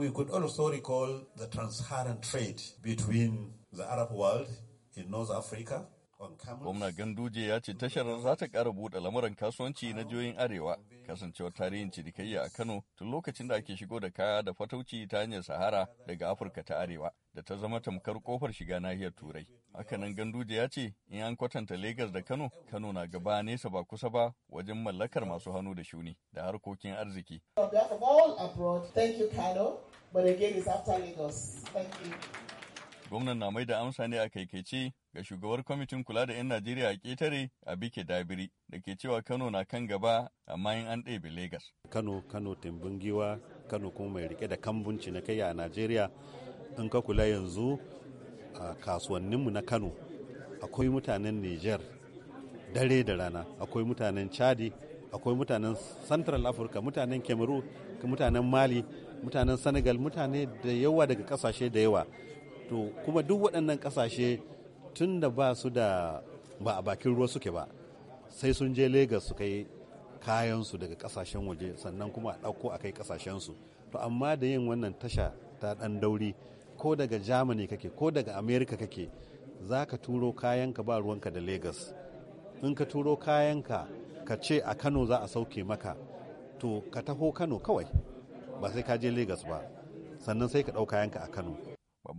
We could also recall the transparent trade between the Arab world in North Africa Gwamna Ganduje ya ce tashar za ta ƙara buɗe lamuran kasuwanci na jiyoyin Arewa, kasancewar tarihin cinikayya a Kano tun lokacin da ake shigo da kaya da fatauci ta hanyar Sahara daga Afirka ta Arewa, da ta zama tamkar kofar shiga nahiyar Turai. Hakanan Ganduje ya ce in an kwatanta Legas da Kano, Kano na gaba nesa ba kusa ba wajen mallakar masu hannu da shuni da harkokin arziki. But Gwamnan na mai da amsa ne a kaikaice ga shugabar kwamitin kula da 'yan Najeriya a ƙetare a Bike Dabiri da ke cewa Kano na kan gaba amma in an ɗebe Legas. Kano, Kano timbin giwa, Kano kuma mai rike da kambunci na kai a Najeriya. In ka kula yanzu a kasuwanninmu na Kano akwai mutanen Nijar dare da rana, akwai mutanen Chadi, akwai mutanen central africa mutanen cameroon mutanen mali mutanen senegal mutane da yawa daga kasashe da yawa to kuma duk waɗannan kasashe tun da ba su da ba a bakin ruwa suke ba sai sun je lagos su kai kayansu daga kasashen waje sannan kuma a ɗauko a kai kasashensu to amma da yin wannan tasha ta ɗan dauri ko daga germany kake ko daga america kake za ka turo kayanka ba ruwanka da lagos in ka turo kayanka ka ce a kano za a sauke maka to ka taho kano kawai ba sai ka je legas ba sannan sai ka ɗau kayanka a kano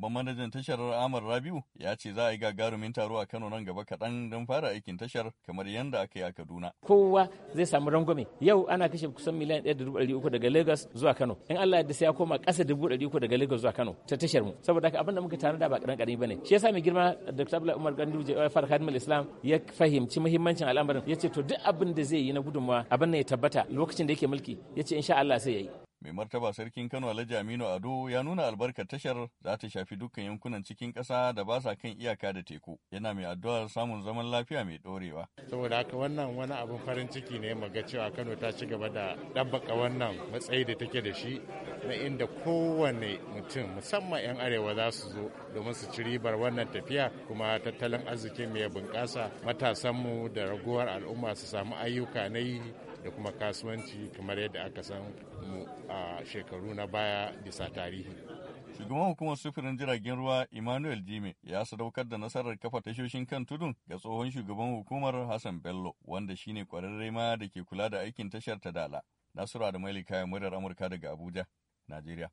Babban manajan tashar Amar Rabiu ya ce za a yi gagarumin taro a Kano nan gaba kaɗan don fara aikin tashar kamar yadda aka yi a Kaduna. Kowa zai samu rangwame. Yau ana kashe kusan miliyan ɗaya da dubu ɗari uku daga Lagos zuwa Kano. In Allah ya sai ya koma ƙasa dubu ɗari uku daga Lagos zuwa Kano ta tashar mu. Saboda haka abin da muka tanada ba ƙaran ƙarami ne Shi sa mai girma Dr. Abdullahi Umar Ganduje ya eh, fara Islam ya fahimci muhimmancin al'amarin. Ya ce to duk abin da zai yi na gudunmawa abin ne ya tabbata lokacin da yake mulki. Ya ce insha Allah sai ya yi. mai martaba sarkin kano alhaji aminu ado ya nuna albarkar tashar za ta shafi dukkan yankunan cikin ƙasa da ba sa kan iyaka da teku yana mai addu'a samun zaman lafiya mai ɗorewa. saboda haka wannan wani abin farin ciki ne mu ga cewa kano ta ci gaba da ɗabbaka wannan matsayi da take da shi na inda kowane mutum musamman 'yan arewa za su zo domin su ci ribar wannan tafiya kuma tattalin arzikin mai bunƙasa bunƙasa matasanmu da ragowar al'umma su samu ayyuka na yi da kuma kasuwanci kamar yadda aka san mu a shekaru na baya bisa tarihi. Shugaban hukumar sufurin jiragen ruwa Emmanuel Jime ya sadaukar da nasarar kafa tashoshin kan tudun ga tsohon shugaban hukumar Hassan Bello wanda shine kwararre ma da ke kula da aikin tashar ta dala. Nasiru Adamaili kayan murar Amurka daga Abuja, Najeriya.